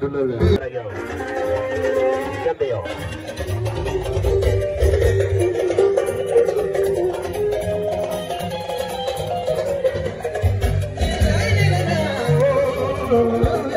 du la wér. Oh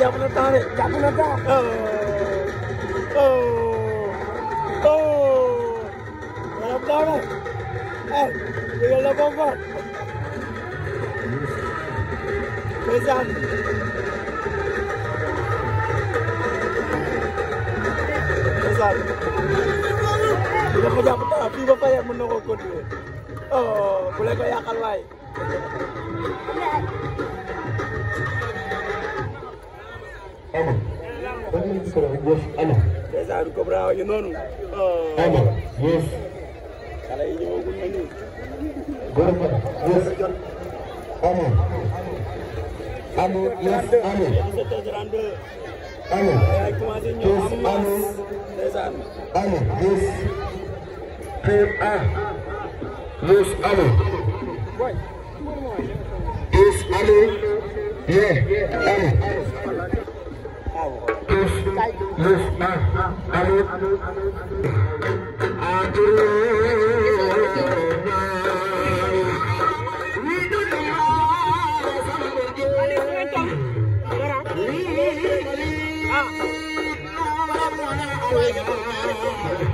jàpp na temps de. jàpp na temps. oh oh. maanaam oh. Daara eh digal na ko fa. ndeysaan. ndeysaan. dina ko jàpp temps fii ba pare mën na koo continuer. oh bu la ko yàqal waay. ama wannan suka rabu wasu ama da za a duka burawa yi nono ama wasu alayi ne wagun mani gurfa wasu ama ama wasu ama ama wasu ama ama wasu pep a wasu ama is ama yeah ama Dos, dos, más, salud. A tu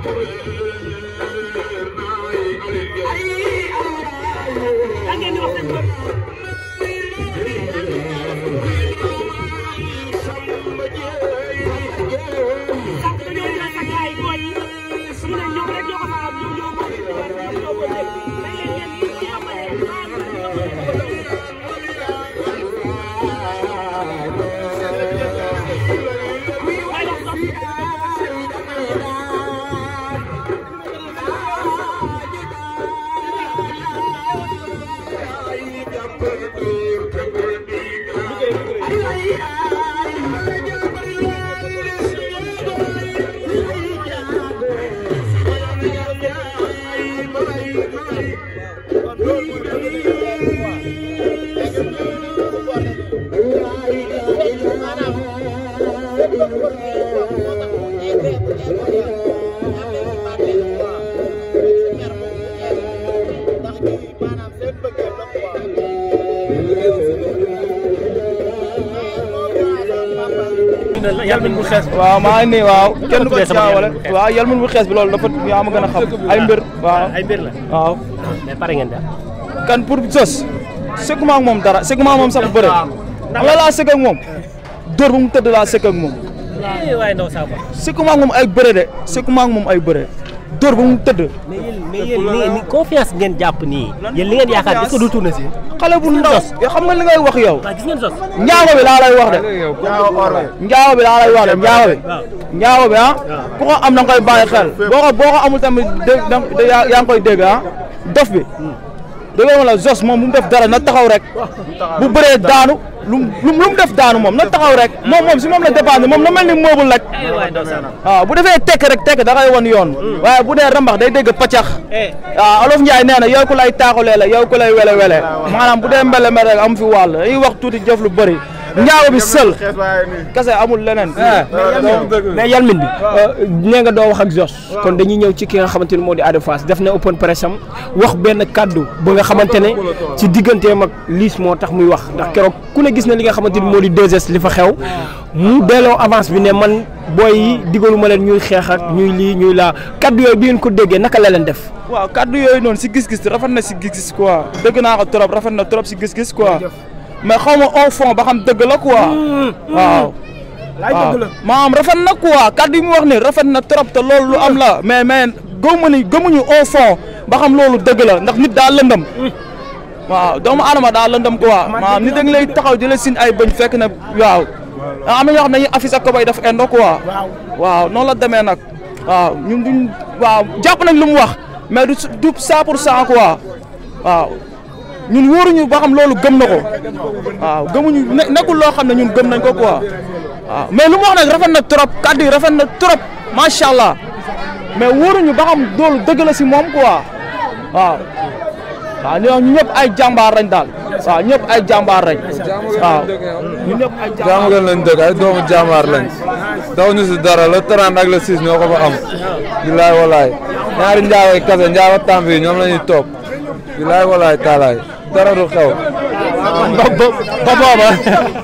Thank you. waaw maa ngi nii waaw kenn ko jaawale waaw yal mun bu xees bi loolu dafa yaa ma gën a xam ay mbir waaw ay mbir la waaw mais pare ngeen daal kan pour sos sëgguma ak moom dara sëgguma sax bu bëre laa sëgg ak dóor ba mu tëdd laa sekk ak moom. Eh, waaye ndaw Sakho. ak moom ay bëre de sekkuma moom ay bëre dóor ba mu tëdd. mais yéen ngeen jàpp nii. yéen li ngeen yaakaar est-ce que du si. xale bu ndaw xam nga li ngay wax yow. waaw gis ngeen sos. njaago bi laa lay wax de. njaago bi laa lay wax de njaago bi. njaago bi ah. ku ko am da nga koy bàyyi xel. boo ko amul tamit dé yaa ngi koy dégg ah. dof bi. Hmm. dégg nga la jos moom bu mu def dara na taxaw rek. Hmm. bu bëree daanu. lu lu mu def daanu moom na taxaw rek moom moom si moom la dépendre moom na mel ni moobul rek waaw bu defee tekk rek tekk da koy won yoon mm. waaye bu nee rambax day dégg paccax eh. waaw olof Njaay nee na yow ku lay taaxulee la yow ku lay wele wele maanaam bu dee mbele mbele rek am fi wàll dañuy wax tuuti jëf lu bari njaago bi sël kese amul leneen eh. Eh. mais yalmin bi ah. eh, nee nga doo wax ak Jos kon dañuy ñëw ci ki nga xamante ni moo di Ada Fass def na open press am wax benn kàddu ba nga xamante ne ci digganteem ak liis moo tax muy wax ndax keroog ku ne gis ne li nga xamante ni moo di 2S li fa xew mu delloo avance bi ne man booy yi digaluma leen ñuy xeex ak ñuy lii ñuy laa kaddu yooyu bi ngeen ko déggee naka la leen def waaw kaddu yooyu noonu si gis-gis rafet na si gis-gis dëgg naa ko trop rafet na trop si gis-gis quoi mais xaw ma au fond ba xam dëgg la quoi. Hmm, hmm. waaw. laay dëgg la rafet na quoi kàddu yi mu wax ni rafet na trop te loolu lu am la mais mais gëmu ni gëmuñu au fond ba xam loolu dëgg la ndax nit daa lëndëm. Hmm. waaw doomu aadama daa lëndëm quoi. maam nit da nga lay taxaw di la sin ay bëñ fekk na waaw. am na ñoo xam ne dañuy affiche ak ko bay def endo quoi. waaw noonu la demee nag. waaw ñun duñ waaw jàpp nañ lu mu wax mais du du 100 pour 100 quoi waaw. ñun wóoruñu ba xam loolu gëm na ko waaw gëmuñu ne nekkul loo xam ne ñun gëm nañ ko quoi waaw mais lu mu wax nag rafet na trop kàddu yi rafet na trop macha allah mais wóoruñu ba xam loolu dëgg la si moom quoi waaw. waaw ñoo ñëpp ay jàmbaar rañ daal waaw ñëpp ay jàmbaar lañ waaw ñu ñëpp ay jàmbaar lañ dëgg doomu jàmbaar lañ daw ñu si dara la trente ak la six ñoo ko fa am bilaay walaay ñaari njaawe kase njaawa tàmb yi ñoom la ñuy topp bilaay walaay dara du xew ba ba booba